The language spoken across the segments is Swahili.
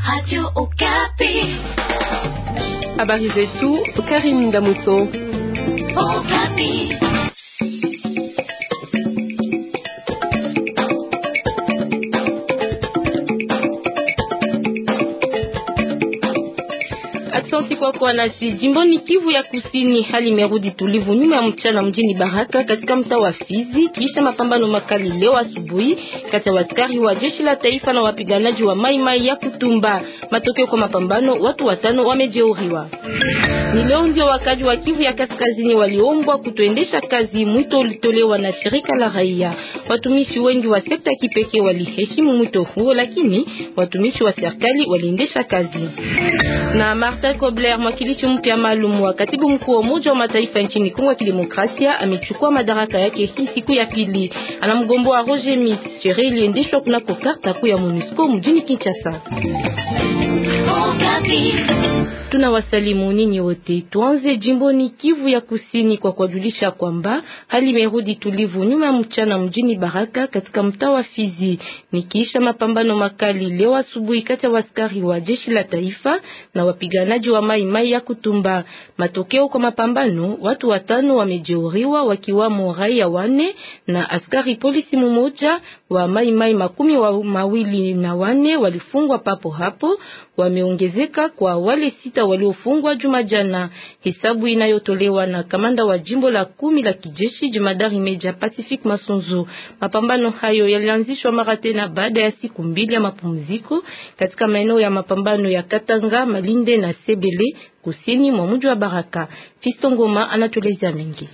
Radio Okapi. Habari zetu, Karim Damuso. Okapi. kwa kwa nasi jimboni Kivu ya Kusini, hali imerudi tulivu nyuma ya mchana mjini Baraka katika mtaa wa Fizi kisha mapambano makali leo asubuhi kati ya askari wa jeshi la taifa na wapiganaji wa maimai ya Kutumba. Matokeo kwa mapambano, watu watano wamejeruhiwa. Ni leo ndio wakaji wa Kivu ya Kaskazini waliombwa kutoendesha kazi, mwito ulitolewa na shirika la raia. Watumishi wengi wa sekta kipekee waliheshimu mwito huo, lakini watumishi wa serikali waliendesha kazi. Na Martin Kobler, mwakilishi mpya maalum wa katibu mkuu wa Umoja wa Mataifa nchini Kongo ya Kidemokrasia, amechukua madaraka yake hii siku ya pili. Anamgomboa Roger Mis. Sherehe iliendeshwa kunako karta kuu ya MONUSCO mjini Kinshasa. Oh, Tuna wasalimu ninyi wote. Tuanze jimboni Kivu ya Kusini kwa kuwajulisha kwamba hali imerudi tulivu nyuma ya mchana mjini Baraka katika mtaa wa Fizi, nikiisha mapambano makali leo asubuhi kati ya waskari wa jeshi la taifa na wapiganaji wa Mai Mai ya Kutumba. Matokeo kwa mapambano, watu watano wamejeruhiwa wakiwamo raia wane na askari polisi mmoja wa Mai Mai, makumi wa mawili na wane walifungwa papo hapo. Wameongezeka kwa wale sita waliofungwa juma jana. Hesabu inayotolewa na kamanda wa jimbo la kumi la kijeshi Jumadari Meja Pacific Masunzu. Mapambano hayo yalianzishwa mara tena baada ya siku mbili ya mapumziko katika maeneo ya mapambano ya Katanga, Malinde na Sebele kusini mwa mji wa Baraka. Fisto Ngoma anatueleza mengi.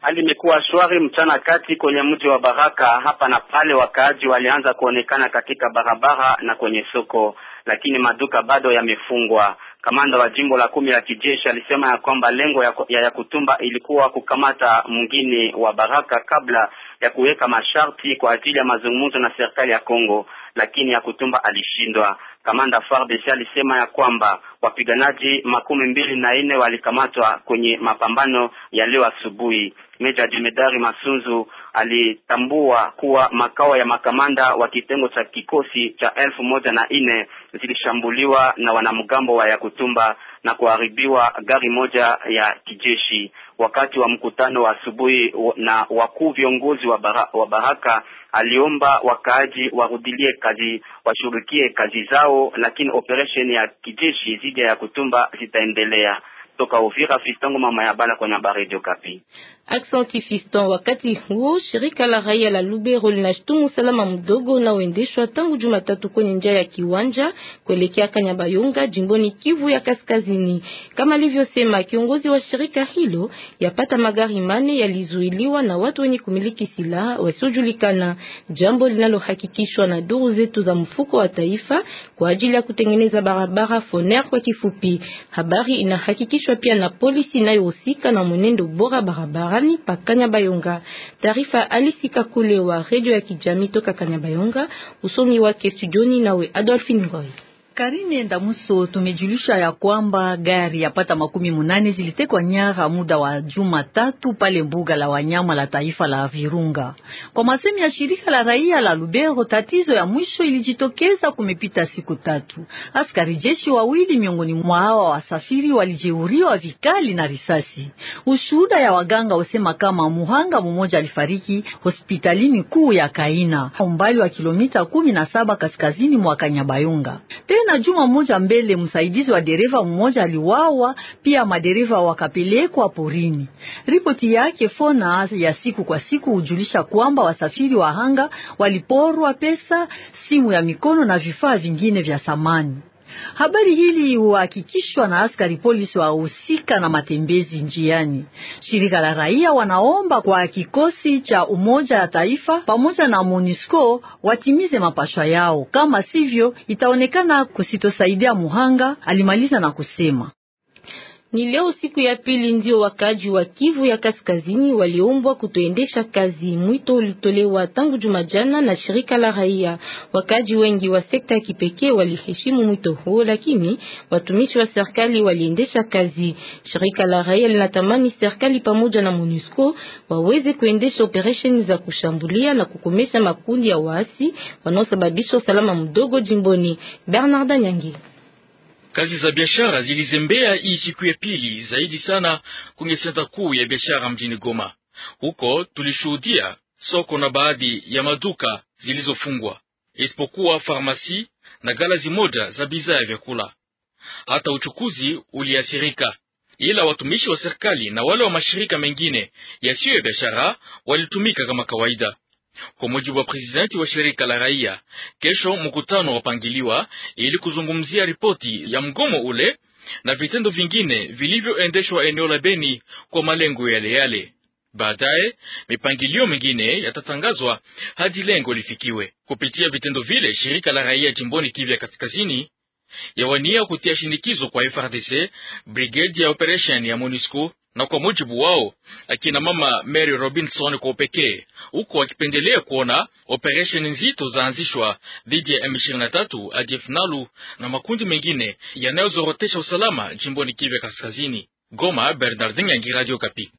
Hali imekuwa shwari mchana kati kwenye mji wa Baraka. Hapa na pale wakaaji walianza kuonekana katika barabara na kwenye soko lakini maduka bado yamefungwa. Kamanda wa jimbo la kumi la kijeshi alisema ya kwamba lengo ya, ya Yakutumba ilikuwa kukamata mwingine wa Baraka kabla ya kuweka masharti kwa ajili ya mazungumzo na serikali ya Kongo, lakini Yakutumba alishindwa. Kamanda FARDC alisema ya kwamba wapiganaji makumi mbili na nne walikamatwa kwenye mapambano ya leo asubuhi. Meja Jemedari Masunzu alitambua kuwa makao ya makamanda wa kitengo cha kikosi cha elfu moja na nne zilishambuliwa na wanamgambo wa Yakutumba na kuharibiwa gari moja ya kijeshi wakati wa mkutano wa asubuhi na wakuu viongozi wa, bara, wa Baraka aliomba wakaaji warudilie kazi, washughulikie kazi zao, lakini operation ya kijeshi dhidi ya Kutumba zitaendelea. Toka Uvira, Fistongo mama ya bala kwenye habari kapi. Okapi. Aksanti Fiston. Wakati huo shirika la raia la Lubero linashutumu usalama mdogo na unaoendeshwa tangu Jumatatu kwenye njia ya kiwanja kuelekea Kanyabayonga jimboni Kivu ya Kaskazini. Kama alivyosema kiongozi wa shirika hilo, yapata magari mane yalizuiliwa na watu wenye kumiliki silaha wasiojulikana, jambo linalohakikishwa na duru zetu za mfuko wa taifa kwa ajili ya kutengeneza barabara Foner kwa kifupi. Habari inahakikishwa yatahusishwa pia na polisi inayohusika na mwenendo bora barabarani pa Kanyabayonga. Taarifa alisika kule wa redio ya kijamii toka Kanyabayonga, usomi wake studioni nawe Adolphine ngoy Karine Ndamuso tumejulisha ya kwamba gari yapata makumi munane zilitekwa nyara muda wa juma tatu pale mbuga la wanyama la taifa la Virunga. Kwa masemi ya shirika la raia la Lubero, tatizo ya mwisho ilijitokeza kumepita siku tatu. Askari jeshi wawili miongoni mwa hawa wasafiri walijeuriwa vikali na risasi. Ushuhuda ya waganga usema kama muhanga mmoja alifariki hospitalini kuu ya Kaina, umbali wa kilomita kumi na saba kaskazini mwa Kanyabayonga. Tena juma moja mbele, msaidizi wa dereva mmoja aliwawa, pia madereva wakapelekwa porini. Ripoti yake Fona ya siku kwa siku hujulisha kwamba wasafiri wa anga waliporwa pesa, simu ya mikono na vifaa vingine vya samani. Habari hili huhakikishwa na askari polisi wahusika na matembezi njiani. Shirika la raia wanaomba kwa kikosi cha Umoja wa Taifa pamoja na MONUSCO watimize mapashwa yao, kama sivyo itaonekana kusitosaidia muhanga, alimaliza na kusema. Ni leo siku ya pili ndio wakaaji wa Kivu ya Kaskazini waliombwa kutoendesha kazi. Mwito ulitolewa tangu Jumajana na shirika la raia. Wakaaji wengi wa sekta ya kipekee waliheshimu mwito huo, lakini watumishi wa serikali waliendesha kazi. Shirika la raia linatamani serikali pamoja na MONUSCO waweze kuendesha operesheni za kushambulia na kukomesha makundi ya waasi wanaosababisha usalama mdogo jimboni. Bernarda Nyangi Kazi za biashara zilizembea hii siku ya pili zaidi sana kwenye senta kuu ya biashara mjini Goma. Huko tulishuhudia soko na baadhi ya maduka zilizofungwa isipokuwa farmasi na galazi moja za bidhaa ya vyakula. Hata uchukuzi uliathirika, ila watumishi wa serikali na wale wa mashirika mengine yasiyo ya biashara walitumika kama kawaida. Kwa mujibu wa presidenti wa shirika la raia, kesho mkutano wapangiliwa ili kuzungumzia ripoti ya mgomo ule na vitendo vingine vilivyoendeshwa eneo la Beni kwa malengo yale yale. Baadaye mipangilio mingine yatatangazwa hadi lengo lifikiwe. Kupitia vitendo vile, shirika la raia jimboni Kivu ya kaskazini yawania kutia shinikizo kwa FRDC, brigade ya operesheni ya MONUSCO na kwa mujibu wao akina mama Mary Robinson kwa upekee huko wakipendelea kuona operesheni nzito zaanzishwa dhidi ya M23 ADF-NALU na makundi mengine yanayozorotesha usalama jimboni Kivu Kaskazini. Goma, Bernardin Yangi, Radio Kapi.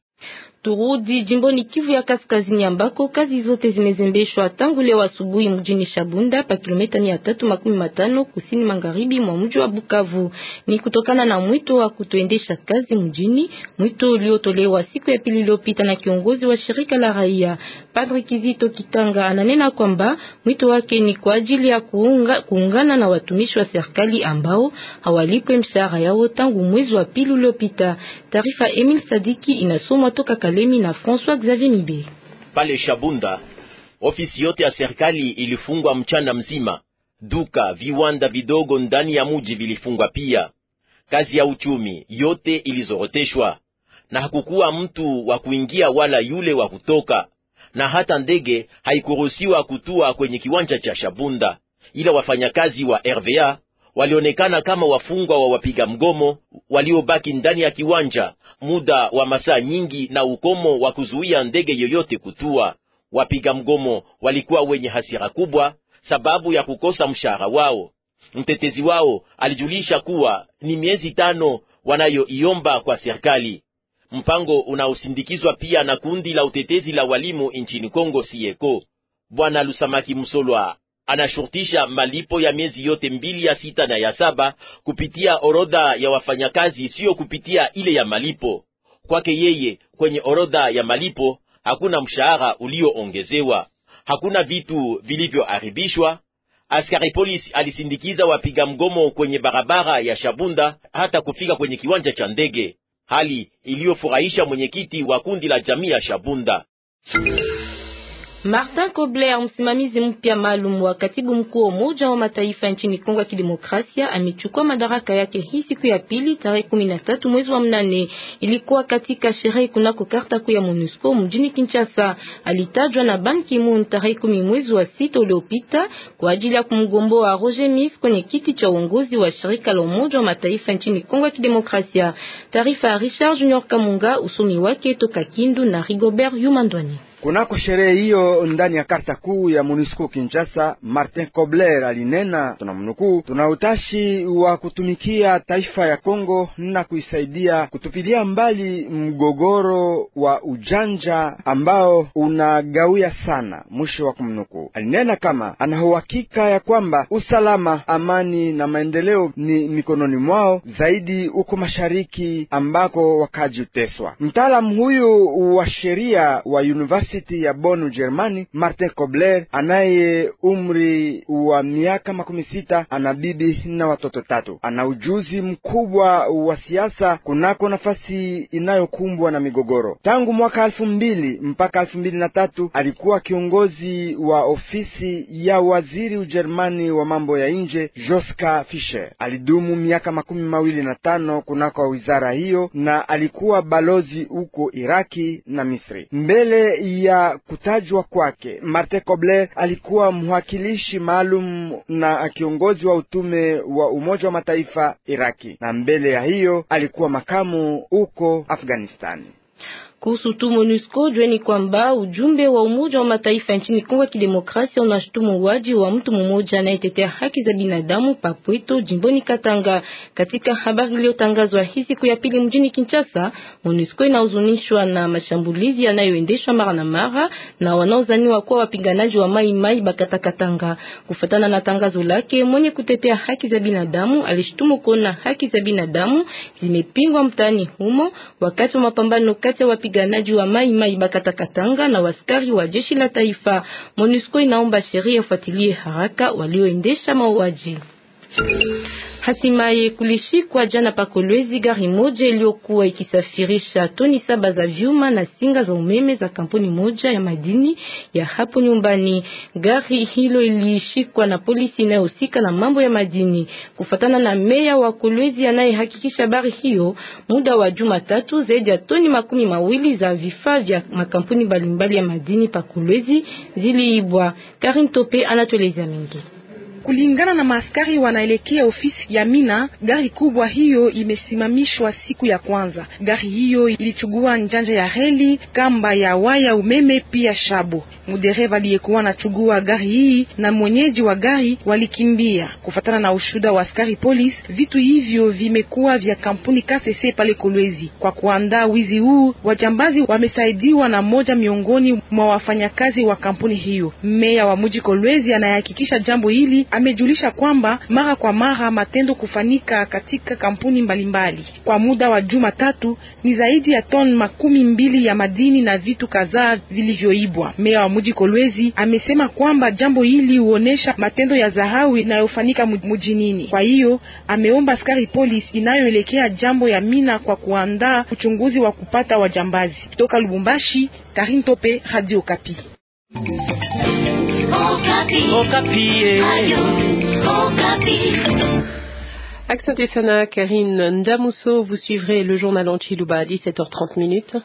Turudi jimboni Kivu ya kaskazini ambako kazi zote zimezembeshwa tangu leo asubuhi mjini Shabunda pa kilomita 315 kusini magharibi mwa mji wa Bukavu. Ni kutokana na mwito wa kutoendesha kazi mjini, mwito uliotolewa siku ya pili iliyopita na kiongozi wa shirika la raia Padre Kizito Kitanga. Ananena kwamba mwito wake ni kwa ajili ya kuunga, kuungana na watumishi wa serikali ambao hawalipwe mshahara yao tangu mwezi wa pili uliopita. Taarifa Emil Sadiki inasomwa toka Kali. Kalemi na François Xavier Mibe. Pale Shabunda ofisi yote ya serikali ilifungwa mchana mzima. Duka, viwanda vidogo ndani ya muji vilifungwa pia. Kazi ya uchumi yote ilizoroteshwa, na hakukuwa mtu wa kuingia wala yule wa kutoka, na hata ndege haikuruhusiwa kutua kwenye kiwanja cha Shabunda. Ila wafanyakazi wa RVA walionekana kama wafungwa wa wapiga mgomo waliobaki ndani ya kiwanja muda wa masaa nyingi na ukomo wa kuzuia ndege yoyote kutua. Wapiga mgomo walikuwa wenye hasira kubwa sababu ya kukosa mshahara wao. Mtetezi wao alijulisha kuwa ni miezi tano wanayoiomba kwa serikali. Mpango unaosindikizwa pia na kundi la utetezi la walimu nchini Kongo, Sieko. Bwana Lusamaki Msolwa anashurutisha malipo ya miezi yote mbili ya sita na ya saba kupitia orodha ya wafanyakazi, siyo kupitia ile ya malipo. Kwake yeye kwenye orodha ya malipo hakuna mshahara ulioongezewa, hakuna vitu vilivyoharibishwa. Askari polisi alisindikiza wapiga mgomo kwenye barabara ya Shabunda hata kufika kwenye kiwanja cha ndege, hali iliyofurahisha mwenyekiti wa kundi la jamii ya Shabunda. Martin Kobler, msimamizi mpya maalum wa katibu mkuu wa Umoja wa Mataifa nchini Kongo ya Kidemokrasia, amechukua madaraka yake hii siku ya pili tarehe 13 mwezi wa mnane. Ilikuwa katika sherehe kunako karta kuu ya MONUSCO mjini Kinshasa. Alitajwa na Ban Ki-moon tarehe 10 mwezi wa sita uliopita kwa ajili ya kumgomboa Roger Mif kwenye kiti cha uongozi wa shirika la Umoja wa Mataifa nchini Kongo ya Kidemokrasia. Taarifa ya Richard Junior Kamunga, usomi wake toka Kindu na Rigobert Yumandwani. Kunako sherehe hiyo ndani ya karta kuu ya MONUSCO Kinshasa, Martin Kobler alinena, tunamnukuu, tuna utashi wa kutumikia taifa ya Kongo na kuisaidia kutupilia mbali mgogoro wa ujanja ambao unagawia sana, mwisho wa kumnukuu. Alinena kama anauhakika ya kwamba usalama, amani na maendeleo ni mikononi mwao, zaidi huko mashariki ambako wakaji uteswa. Mtaalamu huyu wa sheria wa university University ya Bonn Ujerumani. Martin Kobler anaye umri wa miaka makumi sita ana bibi na watoto tatu. Ana ujuzi mkubwa wa siasa kunako nafasi inayokumbwa na migogoro. Tangu mwaka elfu mbili mpaka elfu mbili na tatu alikuwa kiongozi wa ofisi ya waziri Ujerumani wa mambo ya nje Joska Fischer. Alidumu miaka makumi mawili na tano kunako wizara hiyo na alikuwa balozi huko Iraki na Misri mbele ya kutajwa kwake. Martin Kobler alikuwa mwakilishi maalum na kiongozi wa utume wa Umoja wa Mataifa Iraki, na mbele ya hiyo alikuwa makamu huko Afghanistani. Kuhusu tu MONUSCO, jueni kwamba ujumbe wa Umoja wa Mataifa nchini Kongo ya Kidemokrasia unashutumu uwaji wa mtu mmoja anayetetea haki za binadamu Papweto jimboni Katanga. Katika habari iliyotangazwa hii siku ya pili mjini Kinshasa, MONUSCO inahuzunishwa na mashambulizi yanayoendeshwa mara na mara na wanaozaniwa kuwa wapiganaji wa Mai Mai Bakata Katanga. Kufuatana na tangazo lake, mwenye kutetea haki za binadamu alishutumu kuona haki za binadamu zimepingwa mtaani humo wakati wa mapambano kati ya wapiganaji wa Mai Mai Bakata Katanga na waskari wa jeshi la taifa. MONUSCO inaomba sheria ifuatilie haraka walioendesha mauaji. Hatimaye kulishikwa jana pa Kolwezi gari moja iliyokuwa ikisafirisha toni saba za vyuma na singa za umeme za kampuni moja ya madini ya hapo nyumbani. Gari hilo ilishikwa na polisi inayohusika na mambo ya madini. Kufatana na meya wa Kolwezi anayehakikisha habari hiyo, muda wa juma tatu zaidi ya toni makumi mawili za vifaa vya makampuni mbalimbali ya madini pa pakolwezi ziliibwa. Karin Tope anatueleza mengi. Kulingana na maaskari wanaelekea ofisi ya Mina, gari kubwa hiyo imesimamishwa siku ya kwanza. Gari hiyo ilichugua njanja ya reli, kamba ya waya umeme, pia shabu. Mudereva aliyekuwa anachugua gari hii na mwenyeji wa gari walikimbia. Kufatana na ushuda wa askari polisi, vitu hivyo vimekuwa vya kampuni Kasese pale Kolwezi. Kwa kuandaa wizi huu, wajambazi wamesaidiwa na moja miongoni mwa wafanyakazi wa kampuni hiyo. Meya wa mji Kolwezi anayehakikisha jambo hili amejulisha kwamba mara kwa mara matendo kufanyika katika kampuni mbalimbali mbali. Kwa muda wa juma tatu ni zaidi ya ton makumi mbili ya madini na vitu kadhaa vilivyoibwa. Meya wa mji Kolwezi amesema kwamba jambo hili huonesha matendo ya dharau inayofanyika mjinini. Kwa hiyo ameomba askari polisi inayoelekea jambo ya mina kwa kuandaa uchunguzi wa kupata wajambazi. Kutoka Lubumbashi, Karin Tope, Radio Kapi. Accent Essana, Karine Ndamousso, vous suivrez le journal en Chilouba à 17h30 minutes.